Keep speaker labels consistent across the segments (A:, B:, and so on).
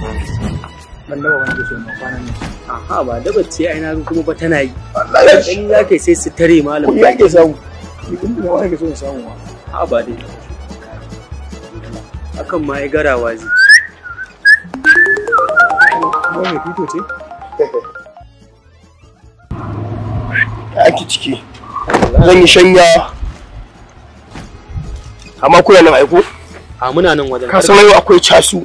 A: Ballawa wanda ba da bacci ai na kuma ba tana yi. Dan za ke sai su tare malam. Ya ke samu. Inda ma ke so samu Ha ba dai. Akan ma ya garawa zai. Mai fito ce? ake ciki zan yi shanya amma kuna nan aiko a muna nan wajen ka san yau akwai casu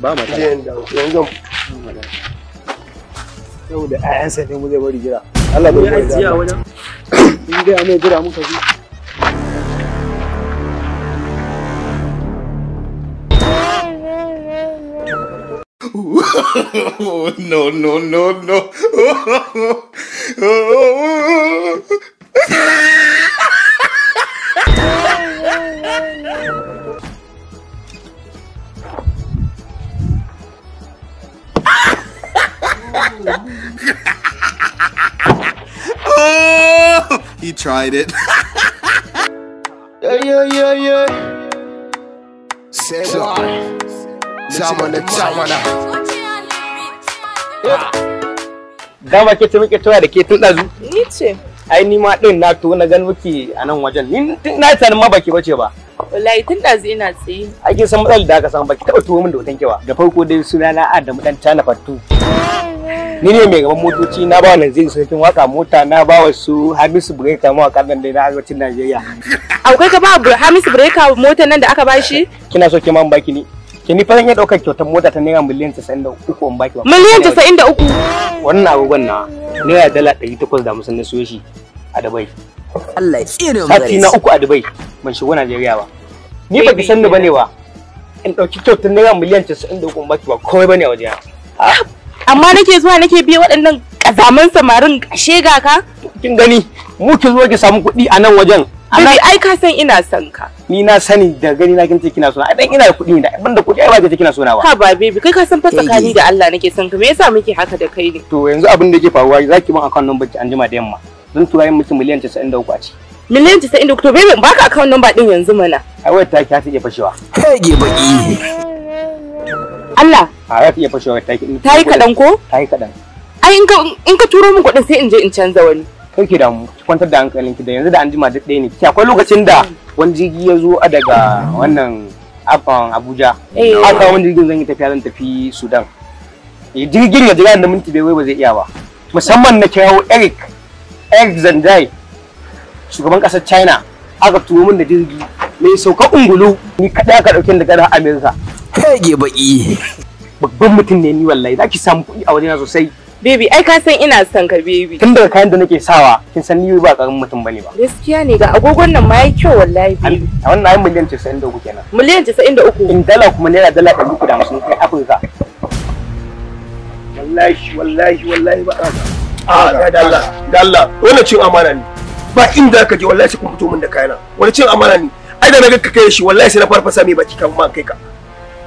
A: ba ma ta yanzu saboda ƴaƴansa ne mu zai bari jira Allah bai bari jira wajen in ga mai jira muka ji
B: no, no, no, no.
A: oh, he tried it. yeah, yeah, yeah, yeah. Say so, Dama ke ce muke toya da ke tun ɗazu? Ni ce. Ai ni ma ɗin na to na gan muke a nan wajen. Ni na tsanin ma baki bace ba.
B: wallahi tun da ina tsaye
A: ake san matsalar da aka san baki taɓa tuwo min da hoton kewa da farko dai suna na Adamu dan Tana Fattu ni ne mai gaban motoci na bawa nan zai sarkin waka mota na bawa su hamisu breka mawa kanan dai na arewacin najeriya akwai ka ba
B: hamisu breka motar nan da aka ba shi
A: kina so ki ma baki ni ke ni fara ya daukar kyautar mota ta naira miliyan 93 in baki ba miliyan
B: 93 wannan agogon na naira dala
A: 800 da musan na siyo a dubai Allah ya tsire mu sati na uku a dubai ban shigo najeriya ba ni ba ki ba bane ba in dauki kyautar naira miliyan 93 in baki ba
B: komai bane a wajena amma nake zuwa nake biya waɗannan kazaman samarin ashe ga ka kin gani mu ki zo ki samu kuɗi a nan wajen Bibi ai ka san ina son ka.
A: Ni na sani da gani na kinta kina sona. dan ina da kuɗi ne da ban da kuɗi ai ba kace kina sona ba. Ha
B: ba bibi kai ka san fa tsakani da Allah nake son ka me yasa muke haka da kai ne?
A: To yanzu abin da yake faruwa zaki ban account number ki jima da yamma. Zan tura yin miki miliyan 93 a ci.
B: Miliyan 93 to bibi baka account number din
A: yanzu mana. Ai wai ta ki ta ke fashewa. Kai baki. Allah a za ta iya fashewa ta yi ta yi kaɗan ko ta yi kaɗan
B: ai in ka in ka turo min kuɗin sai in je in
A: canza wani kai ki damu ki kwantar da ki da yanzu da an jima duk ɗaya ne ki akwai lokacin da wani jirgi ya zo daga wannan um, Abuja eh. aka wani jirgin zan yi tafiya zan tafi Sudan eh, jirgin ya jira da minti bai wai ba zai iya ba musamman na kirawo Eric Eric Zandai shugaban kasar China aka turo min da jirgi mai sauka ungulu ni kaɗai aka ɗauke da ƙarar Amerika fege baki babban mutum ne ni wallahi zaki samu kuɗi a wajena sosai
B: Baby, ai ka san ina son ka baby. Tun
A: daga kayan da nake sawa, kin san ni ba karamin mutum bane ba.
B: Gaskiya ne ga agogon nan ma yayi kyau wallahi
A: A wannan ai miliyan 93 kenan. Miliyan 93. In dala kuma naira dala 350 kai Afirka. Wallahi wallahi wallahi ba a da Allah, da Allah, wannan cin amana ne. Ba inda ka je wallahi sai kun fito min da kayana. Wani cin amana ne. Ai da na ga ka kai shi wallahi sai na farfasa mai baki kan man kai ka.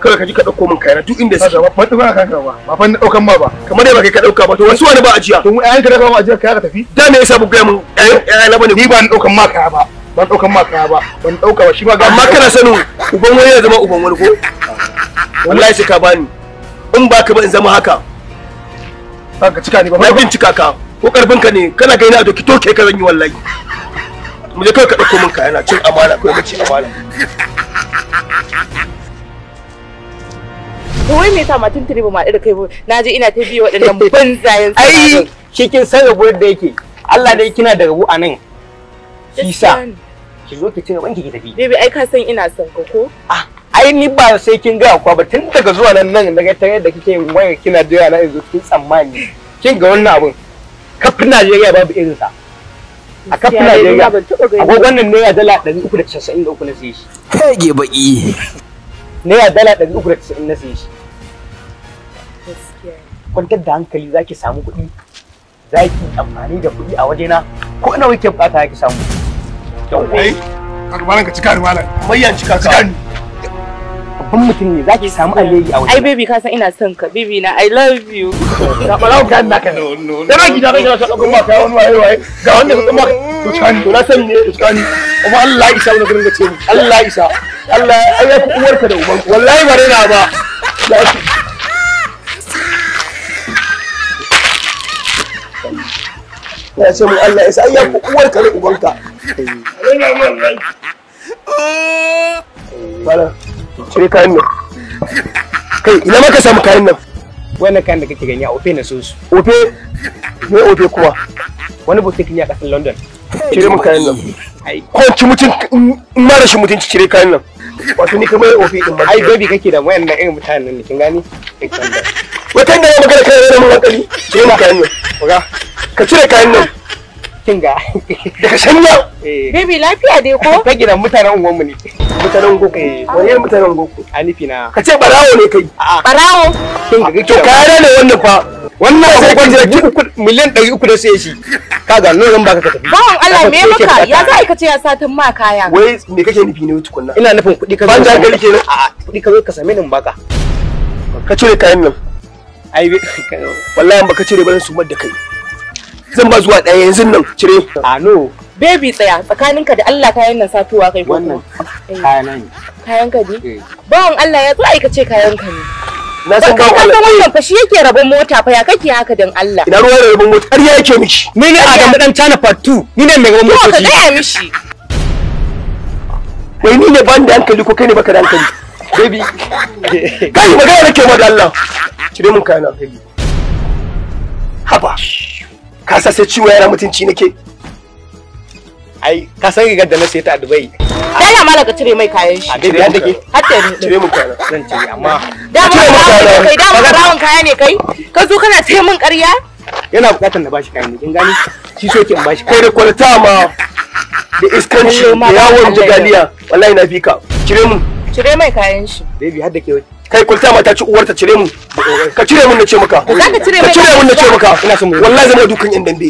A: kawai ka ji ka dauko min kayana duk inda suke ba ta ba ka ba ba fa na ɗaukan ma ba kamar dai ba kai ka ɗauka ba to wasu wani ba ajiya to ayan ka dauka ba a jiya ka tafi da me yasa gaya mun ayan ayan bane ni ba na daukan ma kaya ba ban ɗaukan ma kaya ba ban ɗauka ba shi ma ba amma kana sanin uban wani ya zama uban wani ko wallahi sai ka bani in ba ka ba in zama haka ba ka cika ni ba na bin cika ka ko karfin ka ne kana gaina a doki toke ka zan yi wallahi mu je kawai ka ɗauko min kayana cin amana ko mace amana
B: to wai me yasa ma tuntuni ba ma da kai na je ina ta biyo waɗannan
A: banzayen ai shi kin san rabuwar da yake Allah dai kina da rabu a nan sa ki zo ki cire banki ki tafi
B: bebe ai ka san ina son ka ko ah
A: ai ni ba sai kin ga kwa ba tun daga zuwa nan nan daga tare da kike waya kina jira na yanzu kin tsammani kin ga wannan abun kafin Najeriya babu irin sa a kafin Najeriya agogon nan naira dala 393 na sai shi hege baki naira dala ɗari uku da tasa'in na saye shi kwantar da hankali za ki samu kuɗi za ki amfani da kuɗi a wajena ko ina kike bukata ya ki samu don kai karbaran ka cika ni malam mayyan cika ka ni babban mutum ne za ki samu alheri a wajena ai
B: baby ka san ina son ka baby na i love you ka bala ka na ka no no da ki da ka ka kuma ka wani
A: waye waye ga wanda ka kuma ka cika ni to na san ne cika ni kuma Allah ya isa wannan gurin ka ce Allah ya isa Allah ya fi uwarka da uban wallahi bari na ba ya ce mu Allah ya sa ya ku uwarka da ubanka Bala, cire kayan nan. Kai, ina maka samu kayan nan? Wani kayan da kake gani a Ofe na sosu. Ofe? Me Ofe kuma? Wani boutique ne a ƙasar London. Cire mu kayan nan. Kwanci mutum, mara shi mutum cire kayan nan. wato ni kamar ofi din ba ai baby kake da wayannan irin mutanen ne kin gani wata da ya magana kai da mun hankali ce mu kayan nan kaga ka cire kayan nan kin ga daga shanya eh. baby lafiya dai ko ka gidan mutanen unguwan mu ne mutanen goku eh. wani mutanen goku a nufi na ka ce barawo ne kai barawo kin ga to kare ne wannan fa wannan sai kun miliyan 300 da sai shi kaga nan zan baka ka tafi bawon Allah me maka ya za
B: ka ce ya satin ma kaya wai
A: me kake nufi ne tukunna ina nufin kuɗi ka ban jankali kenan a kuɗi ka zo ka same ni baka ka cire kayan nan ai wallahi ba ka cire ba zan sumar da kai zan ba zuwa ɗaya yanzu nan cire a ah, no
B: Baby tsaya tsakaninka da Allah kayan nan satuwa kai ko wannan
A: kayan nan eh.
B: kayan ka ne eh. bawon Allah ya zo aikace kayan ka ne na san ka kwalla wannan fa shi yake rabon mota fa ya kake haka dan Allah ina ruwa rabon
A: mota ƙarya yake mishi ni ne Adam dan Tana part 2 ni ne mai rabon mota ka gaya mishi wai ni ne ban da hankali ko kai ne baka da hankali baby kai magana nake ma da Allah cire mun kana haba ka sa sai ciwo yara mutunci nake ai ka san rigar da na sai ta a Dubai na mala ka
B: cire mai kayan shi a dai da ke
A: hatta ni cire mu kayan zan cire amma da
B: ba kai da ba rawon kaya ne kai ka zo kana sai mun ƙarya
A: yana bukatar na bashi kayan ne kin gani shi so ke bashi kai da kwalta ma da iskanci da yawon jigaliya wallahi na fika ka cire mu
B: cire mai kayan shi
A: baby har da ke kai kulta mata ci uwar ta cire mu ka cire mun na ce maka ka cire mun na ce maka ina son wallahi zan dukan yan dambe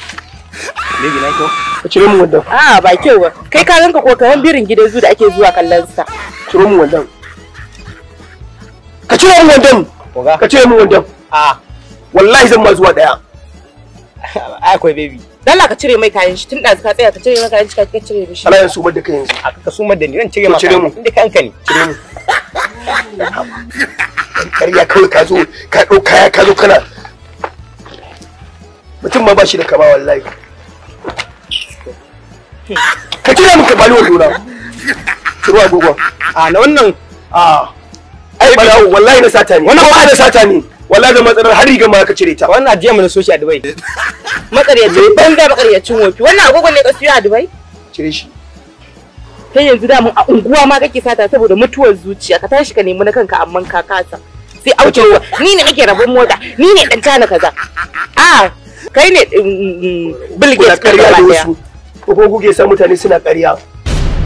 A: Ka
B: cire min wannan. A'a ah, ba kyau ba. Kai ka ranka ko birin gidan zu da ake zuwa kallon sa. Cire min wannan.
A: Ka cire min wannan. Ka cire min wannan. A'a. Ah. Wallahi zan ma zuwa daya. Ai akwai baby.
B: Dalla ka cire mai kayan shi tun da ka tsaya ka cire mai kayan shi ka cire mishi. Allah ya
A: sumar da kai yanzu. A
B: ka sumar da ni zan cire maka. Cire mu. Inda kanka ne. Cire
A: mu. Karya kawai ka zo ka ɗau kaya ka zo kana mutum ma ba shi da kama wallahi. nake ka kira mu ka bali wa juna ruwa gogo a na wannan a ai bala wallahi na sata ne wannan ba na sata ne wallahi da matsalar har riga ma ka cire ta wannan ajiya mu na soshi a Dubai
B: matsariyacin banda matsariyacin wofi wannan agogo ne ka siyo a Dubai cire shi sai yanzu da mun a unguwa ma kake sata saboda mutuwar zuciya ka tashi ka nemi na kanka amma ka kasa sai auke auce ni ne kake rabon mota ni ne dan tana kaza a kai ne mm, mm, mm,
A: bilgate kariya da wasu ko ko kuke sa mutane suna ƙarya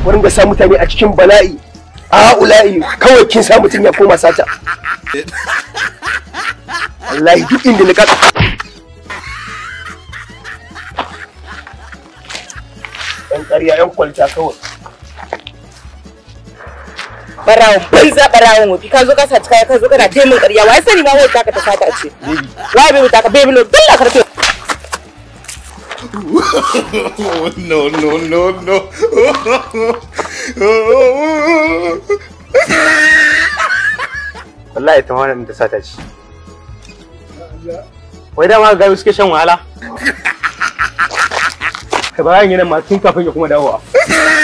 A: wurin ga sa mutane a cikin bala'i a ula'i kawai kin sa mutum ya koma sata Allah duk inda na kasa
B: yan ƙarya yan kwalta kawai barawon banza barawon wofi ka zo ka sa kaya ka zo kana taimin ƙarya wai sani ma wai ka ta sata ce wai bai ta ka bai bilo dalla karfe no, no, no, no.
A: Wallahi ita wannan da sata ce. Wai dama ga suke shan wahala. Ka bayan yana ma tun kafin ya kuma dawowa.